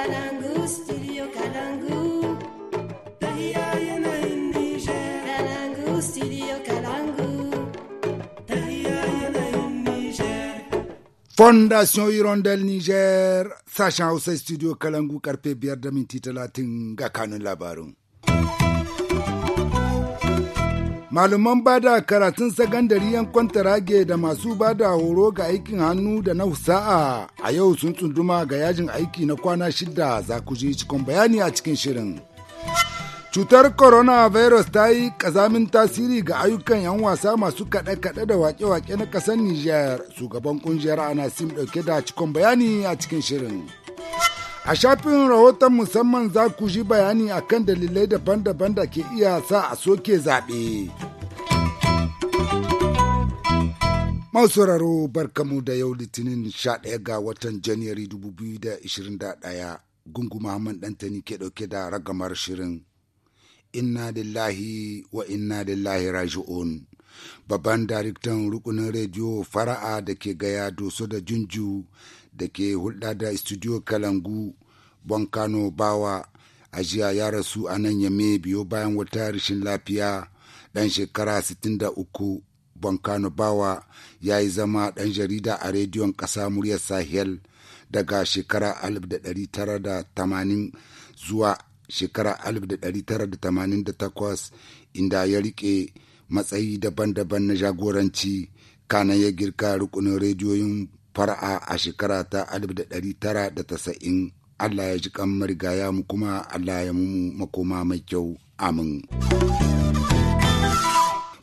Kalangu, studio Kalangu. Tahia yana in Niger. studio yana Niger. Fondation Hirondelle Niger, sashen Hausa studio Kalangu karfe biyar da minti talatin ga kanun labarin. Malaman bada karatun sagandari yankon tarage da masu bada horo ga aikin hannu da na husa'a a yau sun tsunduma ga yajin aiki na kwana shida za ku ji cikin bayani a cikin shirin. Cutar coronavirus ta yi ƙazamin tasiri ga ayyukan 'yan wasa masu kaɗe-kaɗe da wake-wake na ƙasar Nijar, shugaban ƙungiyar Anasim ɗauke da cikon bayani a cikin shirin. A shafin rahoton musamman za ku ji bayani a kan dalilai daban-daban da ke iya sa a soke zaɓe. Mausauraro barkamu da yau litinin 11 ga watan Janairu 2021 gungu Muhammad Dantani ke ɗauke da ragamar shirin. Inna lillahi wa inna lillahi raji'un. Babban daraktan rukunin rediyo fara'a da ke gaya doso da junju da ke hulɗa da studio kalangu bonkano bawa a jiya ya rasu a nan ya yame biyo bayan wata rashin lafiya ɗan shekara 63 bonkano bawa ya yi zama ɗan jarida a rediyon ƙasa muryar sahel daga shekara 1980 zuwa shekara 1988 inda ya riƙe matsayi daban-daban na jagoranci kana ya girka rukunin rediyoyin fara'a a shekara ta alif 1990 Allah ya ji kan marigaya mu kuma Allah ya mu makoma mai kyau amin.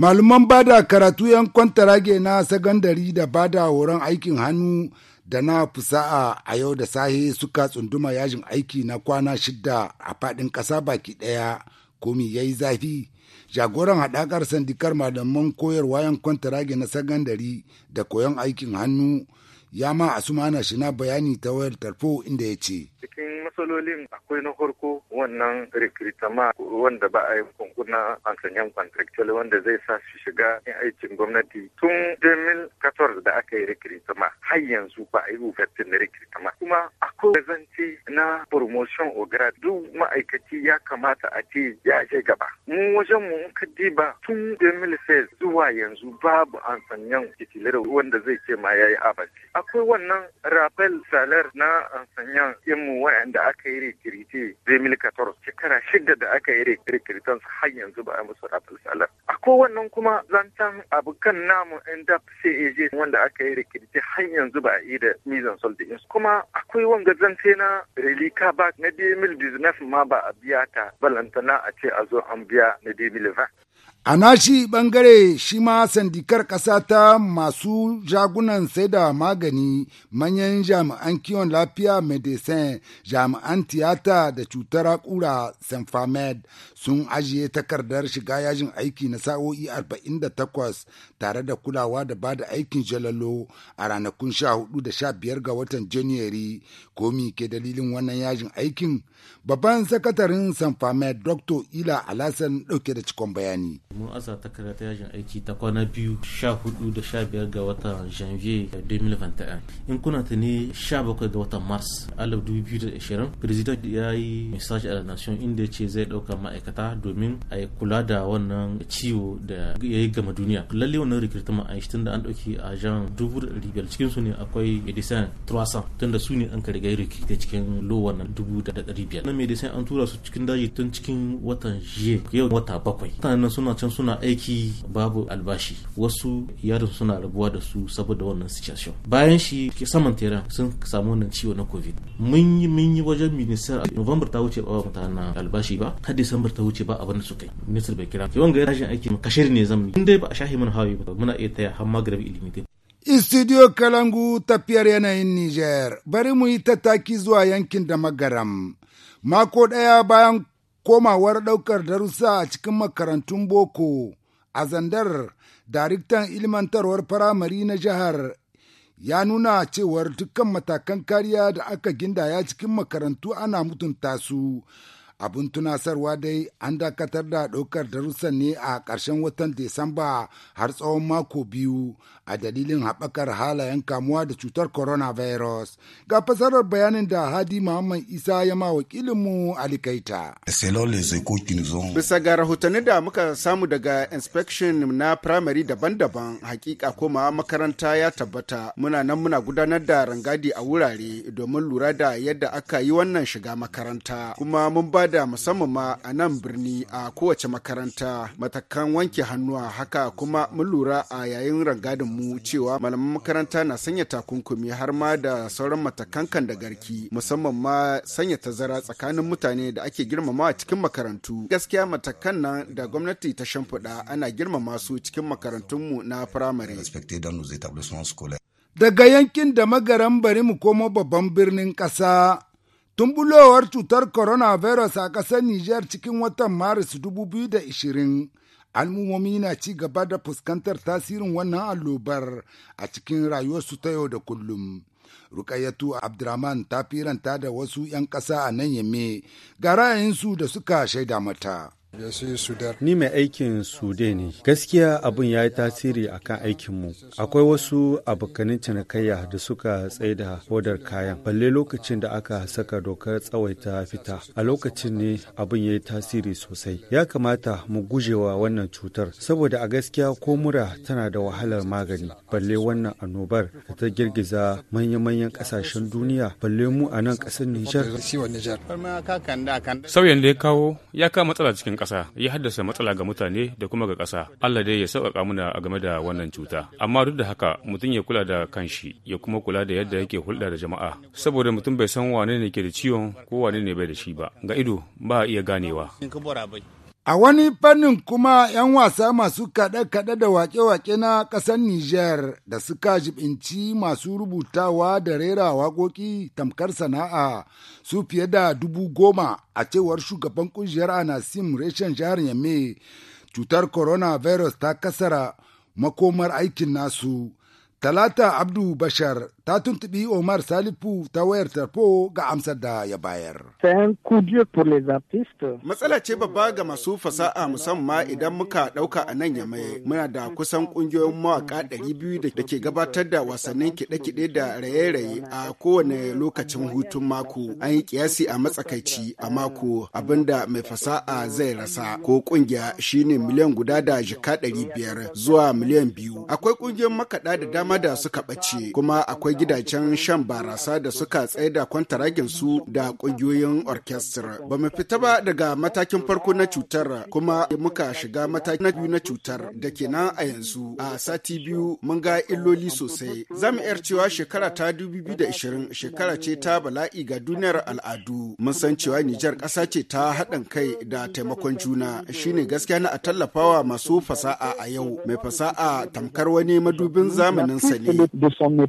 Malaman bada karatu yan kwantarage na sagandari da bada horon aikin hannu da na fusa'a a yau da sahe suka tsunduma yajin aiki na kwana shidda a faɗin ƙasa baki ɗaya komi ya yi zafi. jagoran haɗakar sandikar malaman koyarwa yan kwantarage na sagandari da koyon aikin hannu ya ma asumana shi na bayani ta wayar tarfo inda ya ce. Cikin matsalolin akwai na farko wannan rikritama wanda ba a yi kunkuna ansanyan kwantraktal wanda zai sa su shiga in aikin gwamnati tun 2014 da aka yi rikritama har yanzu ba a yi ufartin na rikritama. Kuma akwai zance na promotion o duk ma'aikaci ya kamata a ce ya je gaba. mu wajen mu ka diba tun 2006 zuwa yanzu babu sanyan fitilar wanda zai ce ma yayi abaci akwai wannan rafael salar na amfanyan mu wa'anda aka yi rikirite 2014 shekara shida da aka yi rikiritan har yanzu ba a musu rafael salar ko kuma zantan abu kan namu yan dap CAJ wanda aka yi rikirci har yanzu ba a yi da mizan sol da kuma akwai wanga zance na relika ba na 2019 ma ba a biya ta balantana a ce a zo an biya na 2020 A nashi ɓangare shi ma sandikar ƙasa ta masu jagunan sai da magani manyan jami'an kiwon lafiya medecin jami'an tiyata da cutar kura senfamed sun ajiye takardar shiga yajin aiki na sa'o'i 48 tare da kulawa da ba da aikin jalalo a ranakun 14 da 15 ga watan janairu komi ke dalilin wannan yajin aikin babban sakatarin senfamed dr ila alasan ɗauke da cikon bayani. mun asa takarda ta yajin aiki ta kwana biyu sha hudu da sha biyar ga watan janvier 2021 in kuna ta ne sha bakwai ga watan mars alif dubu biyu da ashirin president ya yi message a nation inda ya ce zai dauka ma'aikata domin a yi kula da wannan ciwo da ya yi gama duniya lalle wannan rikirta rikirtama a tun da an dauki a jan dubu da dari biyar cikin su ne akwai medicine 300 tun da su ne an karga rikirta cikin lo wannan dubu da dari biyar na medicine an tura su cikin daji tun cikin watan jiye yau wata bakwai mutanen suna can suna aiki babu albashi wasu yarin suna rabuwa da su saboda wannan situation bayan shi ke saman tera sun samu wannan ciwo na covid mun yi mun yi wajen minister november ta wuce ba mutane albashi ba har december ta wuce ba abin da suka yi minister bai kira ke wanga tashin aiki kashir ne zan yi in dai ba a shahi mun hawi ba muna iya taya har magrabi ilimi Studio Kalangu tafiyar yanayin niger bari mu yi tattaki zuwa yankin da magaram. Mako daya bayan komawar ɗaukar darussa a cikin makarantun boko a zandar daraktan ilmantarwar firamare na jihar ya nuna cewar dukkan matakan kariya da aka gindaya cikin makarantu ana mutunta su abin tunasarwa dai an dakatar da ɗaukar darussan ne a ƙarshen watan Desamba har tsawon mako biyu a dalilin haɓakar halayen kamuwa da cutar coronavirus. Ga fasarar bayanin da Hadi Muhammad Isa ya ma wakilinmu Alikaita. Bisa ga rahotanni da muka samu daga inspection na primary daban-daban hakika koma makaranta ya tabbata muna nan muna gudanar da rangadi a wurare domin lura da yadda aka yi wannan shiga makaranta kuma mun ba da musamman ma a nan birni a kowace makaranta matakan wanke hannuwa haka kuma mun lura a yayin rangadin mu cewa malaman makaranta na sanya takunkumi har ma da sauran matakan kan da garki musamman ma sanya tazara tsakanin mutane da ake girmama a cikin makarantu gaskiya matakan nan da gwamnati ta shimfiɗa ana girmama su cikin makarantunmu na firamare daga yankin da magaran bari mu komo babban birnin ƙasa Tun bulowar cutar coronavirus a ƙasar Nijar cikin watan Maris 2020, al'ummomi na ci gaba da fuskantar tasirin wannan allobar a cikin rayuwarsu ta yau da kullum. Rukayatu Abdurrahman ta firanta da wasu ‘yan ƙasa a nan yame ga ra'ayinsu da suka shaida mata. Ni mai aikin sude ne. Gaskiya abin ya yi tasiri a kan aikinmu. Akwai wasu abokanin cinikayya da suka tsaida hodar kayan, balle lokacin da aka saka dokar tsawaita fita. A lokacin ne abin ya yi tasiri sosai. Ya kamata mu gujewa wannan cutar, saboda a gaskiya ko mura tana da wahalar magani, balle wannan annobar da ta girgiza manya-manyan ƙasashen duniya, balle mu a nan ƙasar Nijar. Sauyin da ya kawo ya kama matsala cikin ƙasa ya haddasa matsala ga mutane da kuma ga ƙasa Allah dai ya sauƙaƙa muna a game da wannan cuta amma duk da haka mutum ya kula da kanshi ya kuma kula da yadda yake hulɗa da jama'a saboda mutum bai san wane ne ke da ciwon ko wane ne bai da shi ba ga ido ba a iya ganewa A wani fannin kuma ‘yan wasa masu kaɗe-kaɗe da waƙe-waƙe na ƙasar Nijar da suka jibinci masu rubutawa da rera waƙoƙi tamkar sana'a su fiye da dubu goma a cewar shugaban ƙungiyar Anasim reshen jihar Yamme cutar coronavirus ta kasara makomar aikin nasu. Talata Abdu Bashar ta tuntubi Omar Salifu ta wayar tarfo ga amsar da ya bayar. Matsala ce babba ga masu fasa'a musamman idan muka ɗauka a nan ya mai muna da kusan ƙungiyoyin mawaƙa ɗari biyu da ke gabatar da wasannin kiɗe-kiɗe da raye-raye a kowane lokacin hutun mako. An yi kiyasi a matsakaici a mako abinda mai fasa'a zai rasa ko ƙungiya shine miliyan guda da jika ɗari biyar zuwa miliyan biyu. Akwai ƙungiyoyin makaɗa da dama da suka ɓace kuma akwai akwai gidajen shan barasa da suka tsaida kwantaragin su da kungiyoyin orchestra ba mu fita ba daga matakin farko na cutar kuma muka shiga mataki na biyu na cutar da ke nan a yanzu a sati biyu mun ga illoli sosai za mu yar cewa shekara ta 2020 shekara ce ta bala'i ga duniyar al'adu mun san cewa Nijar ƙasa ce ta haɗin kai da taimakon juna shine gaskiya na a tallafawa masu fasa'a a yau mai fasa'a tamkar wani madubin zamaninsa ne.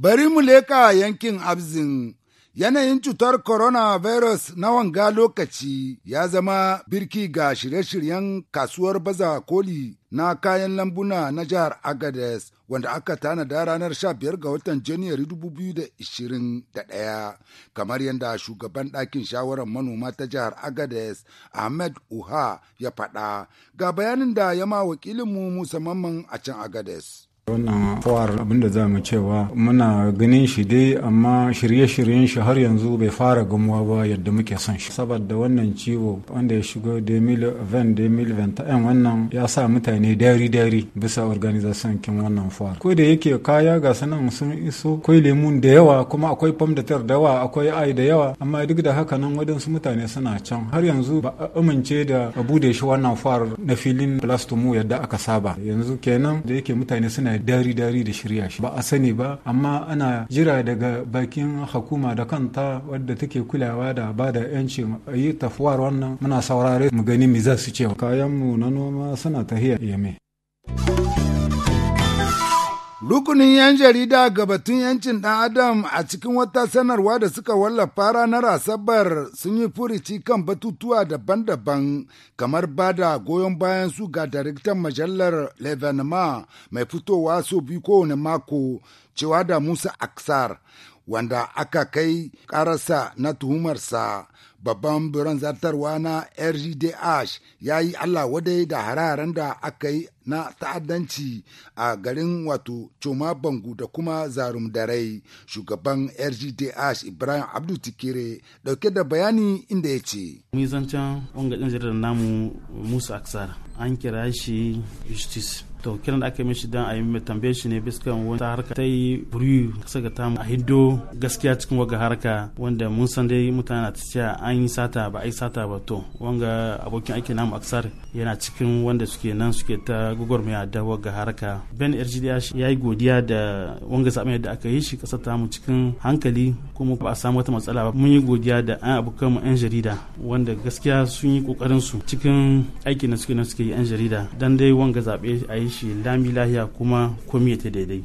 Bari mu leka yankin Abzin. Yanayin cutar coronavirus na wanga lokaci ya zama birki ga shirye-shiryen kasuwar baza koli na kayan lambuna na jihar Agades wanda aka tanada ranar 15 ga watan Janairu 2021 kamar yadda shugaban ɗakin shawarar manoma ta jihar Agades Ahmed Uha ya faɗa ga bayanin da ya ma wakilinmu musamman a can Agades. wannan fawar abinda za mu cewa muna ganin shi dai amma shirye-shiryen shi har yanzu bai fara gamuwa ba yadda muke son shi saboda wannan ciwo wanda ya shigo 2020 yan wannan ya sa mutane dari-dari bisa organization kin wannan fawar ko da yake kaya ga sanan sun iso akwai lemun da yawa kuma akwai fam da tar da yawa akwai ai da yawa amma duk da haka nan wadansu mutane suna can har yanzu ba a amince da a bude shi wannan fawar na filin plastomu yadda aka saba yanzu kenan da yake mutane suna dari-dari da shirya shi ba a sani ba amma ana jira daga bakin hukuma da kanta wadda take kulawa da ba da yanci a yi tafuwar wannan muna saurare mu gani me za su ce kayan mu na noma suna tahiya yame Rukunin 'yan jarida ga batun 'yancin ɗan Adam a cikin wata sanarwa da suka wallafa ranar Asabar sun yi furici kan batutuwa daban-daban kamar bada goyon bayan su ga daraktan majalar Levenma mai fitowa so biyu kowane mako cewa da Musa Aksar wanda aka kai karasa na tuhumarsa babban biran zartarwa na rgdh ya yi allah wadai da hararen da aka yi na ta'addanci a garin wato coma bangu da kuma zarum darai shugaban rgdh ibrahim abdu tikire dauke da bayani inda ya ce mizancan wangadin jaridar namu musa aksar an kira shi justice to kiran da aka mishi dan ayi mai tambaye shi ne biskan wani harka ta yi buri kasa ga tamu a hiddo gaskiya cikin waga harka wanda mun san dai mutane na cewa an yi sata ba a yi sata ba to wanga abokin aiki namu aksar yana cikin wanda suke nan suke ta gwagwarmaya da waga harka ben rgd ya yi godiya da wanga zaɓen yadda aka yi shi kasa mu cikin hankali kuma ba a samu wata matsala ba mun yi godiya da an abokan mu yan jarida wanda gaskiya sun yi kokarin su cikin aikin na suke nan suke yi yan jarida dan dai wanga zaɓe a shi lami lahiya kuma komi ta daidai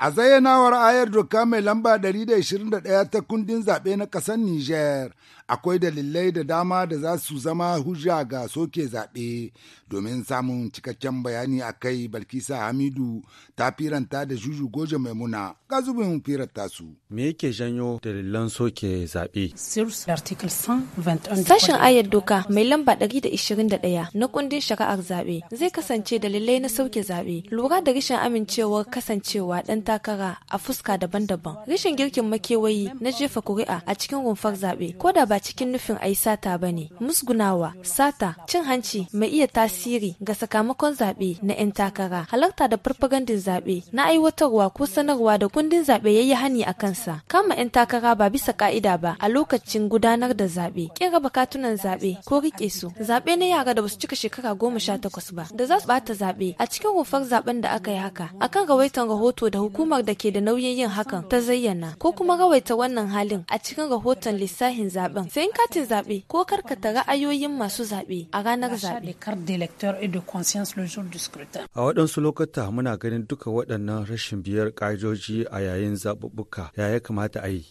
A zayyanawar ayar doka mai lamba 121 ta kundin zaɓe na ƙasar Nijar, akwai dalilai da dama da za su zama hujja ga soke zaɓe domin samun cikakken bayani a kai Balkisa Hamidu ta firanta da Juju Goje Maimuna ga zubin firanta su. Me yake janyo dalilan soke zaɓe? Sashen ayar doka mai lamba 121 na kundin shari'ar zaɓe zai kasance dalilai na soke zaɓe lura da rashin amincewar kasancewa ɗan takara a fuska daban-daban. Rashin girkin makewayi na jefa kuri'a a cikin rumfar zaɓe, ko da ba cikin nufin a sata ba ne. Musgunawa, sata, cin hanci mai iya tasiri ga sakamakon zaɓe na 'yan takara, halarta da farfagandin zaɓe na aiwatarwa ko sanarwa da kundin zaɓe ya yi hani a kansa. Kama 'yan takara ba bisa ƙaida ba a lokacin gudanar da zaɓe, ƙera katunan zaɓe ko riƙe su. Zaɓe na yara da basu cika shekara goma sha takwas ba, da za su ɓata zaɓe a cikin rumfar zaɓen da aka yi haka, akan rawaitan rahoto da hukumar hukumar da ke da nauyin yin hakan ta zayyana ko kuma rawaita wannan halin a cikin rahoton lissafin zaben sayan katin zabe ko karkata ra'ayoyin masu zabe a ranar zabe. A waɗansu lokuta muna ganin duka waɗannan rashin biyar ƙa'idoji a yayin zaɓuɓɓuka ya ya kamata a yi.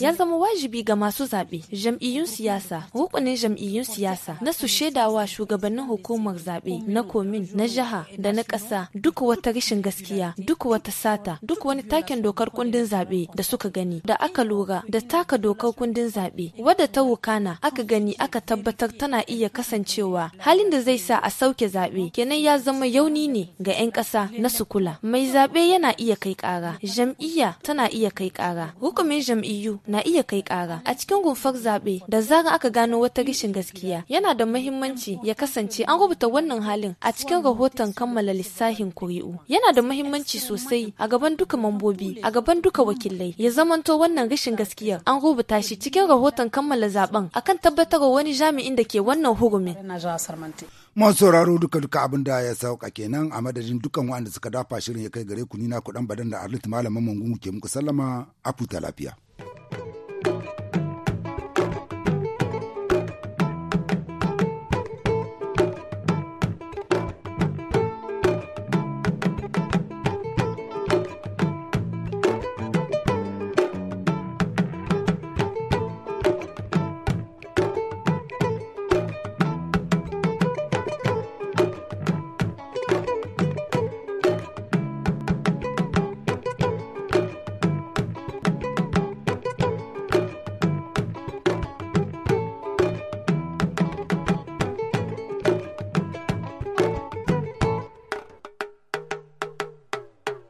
Ya zama wajibi ga masu zaɓe, jam'iyyun siyasa, rukunin jam'iyyun siyasa na su shaidawa shugabannin hukumar zaɓe na komin, na jiha da na ƙasa duk wata rashin gaskiya, duk wata sata duk wani taken dokar kundin zaɓe da suka gani da aka lura da taka dokar kundin zaɓe wadda ta wukana aka gani aka tabbatar tana iya kasancewa halin da zai sa a sauke zaɓe kenan ya zama yauni ne ga 'yan ƙasa na sukula mai zaɓe yana iya kai ƙara jam'iyya tana iya kai ƙara hukumin jam'iyyu na iya kai ƙara a cikin gumfar zaɓe da zara aka gano wata rashin gaskiya yana da mahimmanci ya kasance an rubuta wannan halin a cikin rahoton kammala lissafin kuri'u yana da mahimmanci sosai yi a gaban duka mambobi a gaban duka wakilai ya zamanto wannan rashin gaskiya an rubuta shi cikin rahoton kammala zaben akan tabbatarwa wani jami'in da ke wannan hurumin. Masu sauraro duka duka abin da ya sauka kenan a madadin dukan wanda suka dafa shirin ya kai gare ku ni nina kuɗan badan da Arlit malamin Mangungu ke muku sallama a futa lafiya.